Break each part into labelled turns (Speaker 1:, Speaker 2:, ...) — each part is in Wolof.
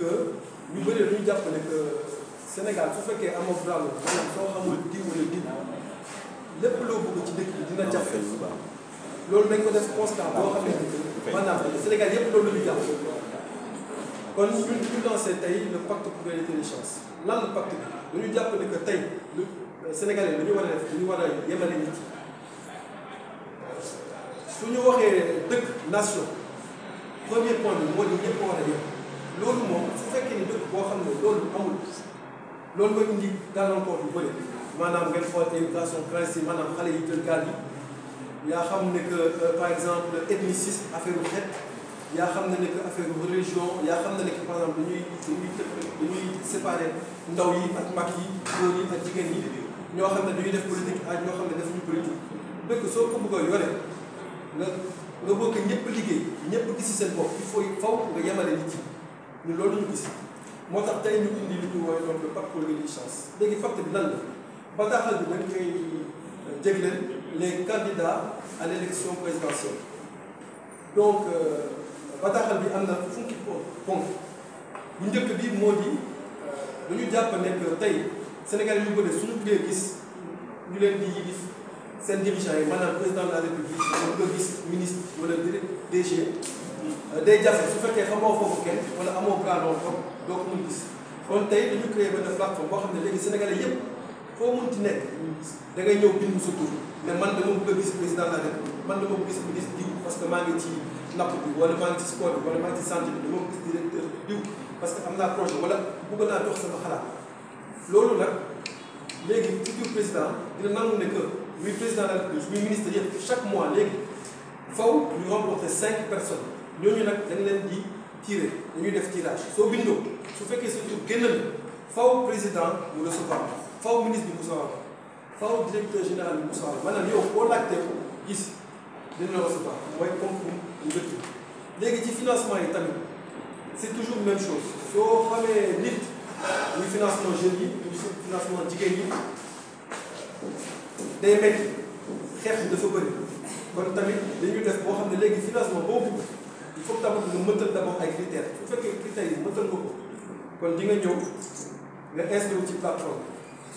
Speaker 1: que ñu bëri dañu jàpp ne que Sénégal su fekkee amoo bravo maanaam soo xamul diw wala diw lépp loo bëgg ci dëkk bi dina jafe. loolu nañ ko def constat boo xam ne maanaam Sénégal yëpp loolu la ñu jàpp kon ñu ñu lancé tey le pacte pour l'égalité des chances lan la pacte bi dañu jàpp ne que tey lu euh, Sénégalais dañu war a def dañu war a yemale nit yi su ñu waxee dëkk nation premier point bi moo di ñëpp war a yem loolu moom su fekkee ni dëkk boo xam ne loolu amul loolu mooy indi gàllankoor yu bëri maanaam ngeen foote éducation classique maanaam xale yi jël gaal yi yaa xam ne euh, par exemple ethnicisme affaire u yaa xam ne ne que affaire religion yaa xam ne ne que par exemple dañuy dañuy dañuy séparé ndaw yi ak mag yi góor yi ak jigéen yi ñoo xam ne dañuy def politique ak ñoo xam ne ñu politique dëkk soo ko bëgg a yore nga nga bëgg ñëpp liggéey ñëpp gis seen bopp il faut faw nga ñu loolu ñu gis moo tax tey ñu indi li ñu woowee donc na pacte pour léegi pacte bi lan la bataaxal bi dañ koy jagleel les candidats à l' élection présidentielle donc euh, bataaxal bi am na fukki ponk bu njëkk bi moo di euh, dañu jàpp nekk tey Sénégal ñu bëri suñu buggee gis ñu leen di gis seen dirigeant yi maanaam président de la république ñu ko gis ministre wala DG Euh, day jafe su fekkee xamoo foofu kenn wala amoo plan loolu kon doo ko mun gis kon tey dañu créé benn plateforme boo xam ne léegi sénégalais yëpp foo mun ci nekk da ngay ñëw bind sa tur ne man dama bëgg a gis président de la république man dama bëgg gis ministre diw parce que maa ngi ci napp bi wala maa ngi ci sport bi gis diw parce que am naa projet wala bëgg naa jox sama loolu nag léegi ci biir président dina nangu ne que muy président de la république ministre yëpp chaque mois léegi faw ñu rencontré cinq personnes ñooñu nag dañ leen di tiré dañuy def tirage soo bindoo su fekkee sa tur génn na faw président mu recevoir faw ministre bi recevoir faw directeur bi recevoir maanaam yow boo ko gis dañ la recevoir mooy concours mu léegi ci financement yi tamit c'est toujours même chose soo xamee nit muy financement jeunes yi muy financement jigéen yi day métti xeex bi dafa bëri kon tamit dañuy def boo xam ne léegi financement boobu foofu faut tamit nga mëtal d'abord ay critères su fekkee critères yi mëtal nga ko kon di nga ñëw nga inscrire ci plateforme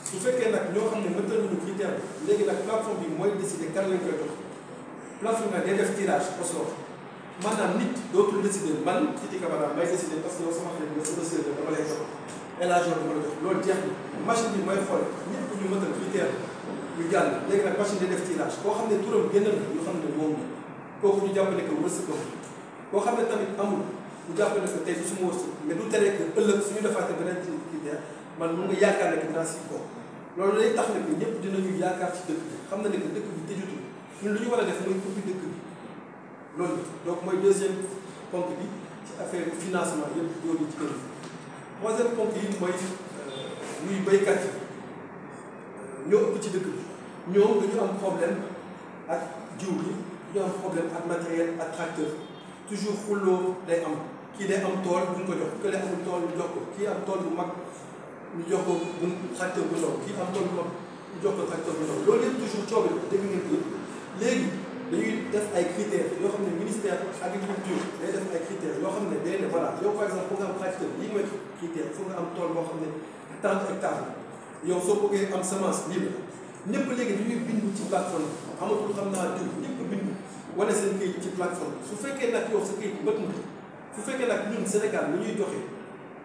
Speaker 1: su fekkee nag ñoo xam ne mëtal nañu critère bi léegi nag plateforme bi mooy décider kan lañ koy jox plateforme nag day def tirage au sort maanaam nit dootul décider man Titi Camara may décider parce que yow sama xarit nga sama séeréer dama lay jox élargir dama la jox loolu jeex machine bi mooy xool ñëpp ñu mëtal critère ñu jàll léegi nag machine def tirage koo xam ne turam génn na ñu xam ne moom la kooku ñu jàppale ko boo xam tamit amul bu jàpp ne que tey du suma wërsëg mais du tere que ëllëg kii man mun nga yaakaar ne que dinaa loolu lay tax ne que ñëpp dinañu xam na ne que dëkk lu ñu war a def mooy ubbi bi loolu donc mooy deuxième ponk bi ci affaire financement yëpp góor ñi jigéen ñi troisième yi mooy muy euh, béykat yi euh, ci dëkk bi ñoom dañu am problème ak jiw bi ñu am problème ak matériel ak tracteur toujours xulloo day am kii day am tool bu ñu ko jox kële amul tool ñu jox ko kii am tool bu mag ñu jox ko bu bu ndaw kii am tool bu mag ñu jox ko xajtoo bu loolu yëpp toujours coow bi léegi dañuy def ay critères yoo xam ne ministère agriculture day def ay critères yoo xam ne day ne voilà yow par exemple foog nga am xajtoo lii mooy critère foog nga am tool boo xam ne tant hectares yow soo bëggee am semence libre ñëpp léegi dañuy bindu ci plateforme amatul xam naa jiw ñëpp bindu. wane seen këyit ci plateforme su fekkee nag yow sa këyit bët na su fekkee nag ñun Sénégal lu ñuy joxe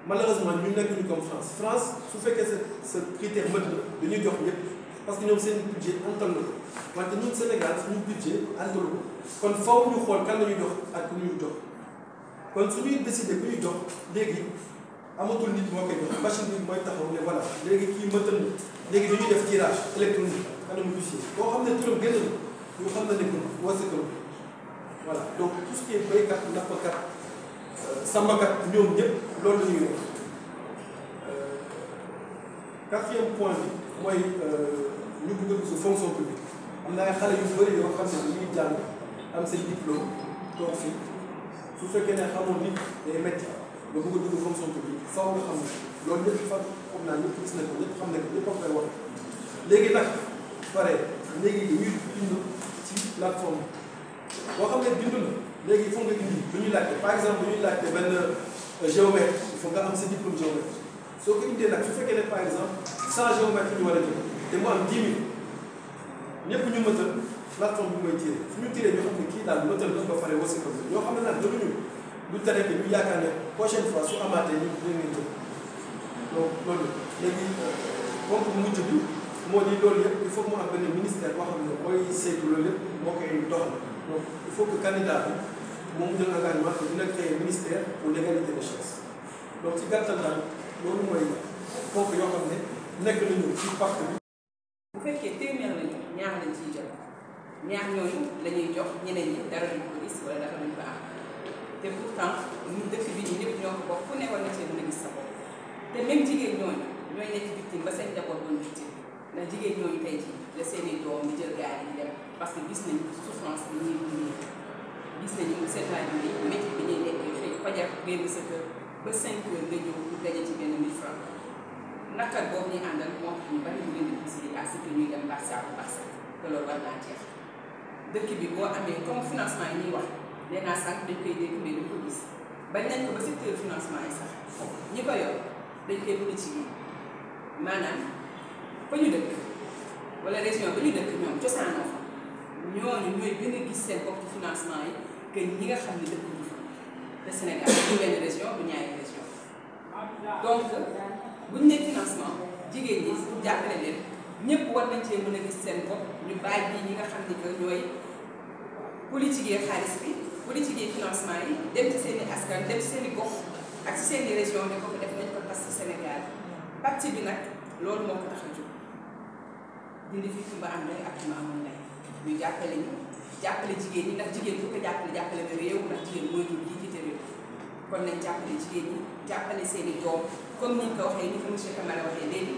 Speaker 1: malheureusement ñun nekk ñu comme France France su fekkee sa sa critère bët na dañuy jox ñëpp parce que ñoom seen budget antal na ko wante ñun Sénégal suñu budget antal ko kon faw ñu xool kan la ñuy jox ak ku ñuy jox kon su ñuy décider ku ñuy jox léegi amatul nit moo koy jox machine bi mooy taxaw ne voilà léegi kii mëntal na léegi dañuy def tirage électronique kanamu fichier boo xam ne turam gën a ñu xam voilà donc tout ce qui est béykat nappkat euh, sàmmkat ñoom ñëpp loolu la ñuy def euh, quatrième point bi mooy euh, ñu bëgg su fonction publique am na xale yu bëri yoo xam ne ñuy jàng am seen diplôme toog su fekkee ne xamoon nit day métti nga bëgg a dugg fonction publique saw nga xam ne loolu ñëpp fan foog naa ñëpp gis nañ ko xam nañ ko a koy wax léegi nag pare léegi ñuy dund ci plateforme boo xam ne bindu la léegi il faut nga indi lu ñuy laajte par exemple lu ñuy laajte benn euh, géomètre il faut nga am sa diplôme géomètre soo ko indee nag su fekkee ne par exemple cent géomètre ñu war a jël te mu am dix mille ñëpp ñu mëtal plateforme bi mooy tiré su ñu tiré ñu xam ne kii daal mëtal la ba pare wasi ko ñoo xam ne nag dëgguñu lu tere que ñu yaakaar ne prochaine fois su amaatee ñu dinañ leen jël loolu léegi euh, ponk bi moo di loolu yëpp il faut mu am benn ministère boo xam ne mooy donc il faut que candidat bi moom jël engagement que dina créer ministère pour l'égalité des chances donc ci gàttal daal loolu mooy kooku yoo xam ne nekk nañu ci parti bi.
Speaker 2: bu fekkee téeméer lañu ñaar lañ ciy jot ñaar ñooñu la jox ñeneen ñi dara duñ ko gis wala dara duñ ko am te pourtant ñun dëkk bi ñu ñëpp ñoo ko bokk ku nekkoon ñooy nekk victime ba seen njaboot doon victime ndax jigéen ñooñu tey jii la seen doom ñu jël gaal yi dem. parce que gis nañu souffrance bi ñuy dundee gis nañu seddaay bi ñuy métti bi ñuy nekkee xëy fajar génn sa kër ba 5 heures nga ñëw pour daje ci benn 1000 francs naqar boobu ñuy àndal moo tax ñu ñu bi boo amee comme financement yi ñuy wax nee naa sànq koy dégg mais dañ ko gis bañ nañ ko ba secteur financement yi sax ñi ko yor dañ koy mën a ci maanaam fa ñu dëkk wala région ba ñu dëkk ñoom cosaanoo ñooñu ñooy gën a gis seen bopp ci financement yi que ñi nga xam ne dëkk ñu fa te Sénégal du bu ñaari ne financement jigéen ñi jàppale leen ñëpp war nañ cee mën a gis seen bopp ñu bàyyi ji ñi nga xam ne que ñooy politique yi xaalis bi politique yi financement yi dem ci seen i askan dem ci seen i gox ak ci seen région ne ko def nañ ko Sénégal pàcc bi nag loolu moo ko tax a jóg dindi fi fi ba am lay ak ma amul ñu jàppale ñu jàppale jigéen ñi ndax jigéen bu ko jàppale jàppale ba réew ndax jigéen mooy jur yi kon nañ jàppale jigéen ñi jàppale seeni i doom comme ni nga ko waxee ni ko monsieur Camara waxee léegi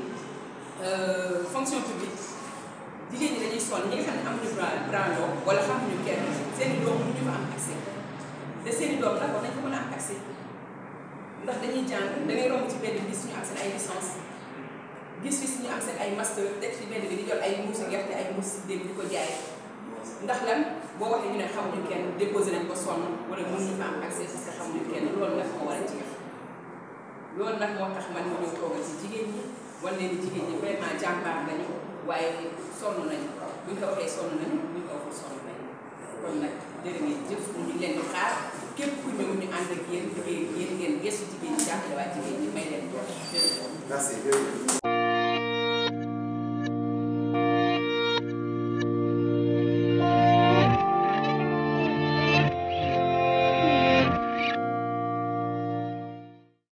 Speaker 2: euh, fonction publique jigéen ñi dañuy sonn ñi i doom mënuñu fa am accès seen ndax dañuy jàng da ngay romb ci benn bis suñu am seen ay licence gis fi suñu am seen ay master def ci benn bi di jot ay mbuusu gerte ay mbuus dem di ko jaay ndax lan boo waxee ñu ne xamuñu kenn déposé nañ ko sonn wala mënuñu fa am accès parce que xamuñu kenn loolu nag moo war a jeex loolu nag moo tax man ma ñëw toogal ci jigéen ñi wan leen jigéen ñi vraiment jàmbaar nañu waaye sonn nañu buñ ko waxee sonn nañu buñ ko waxul sonn nañu kon nag jërë ngeen jëf ñu leen di xaar képp ku ñëw ñu ànd ak yéen liggéey yéen ngeen gëstu jigéen ñi jàppale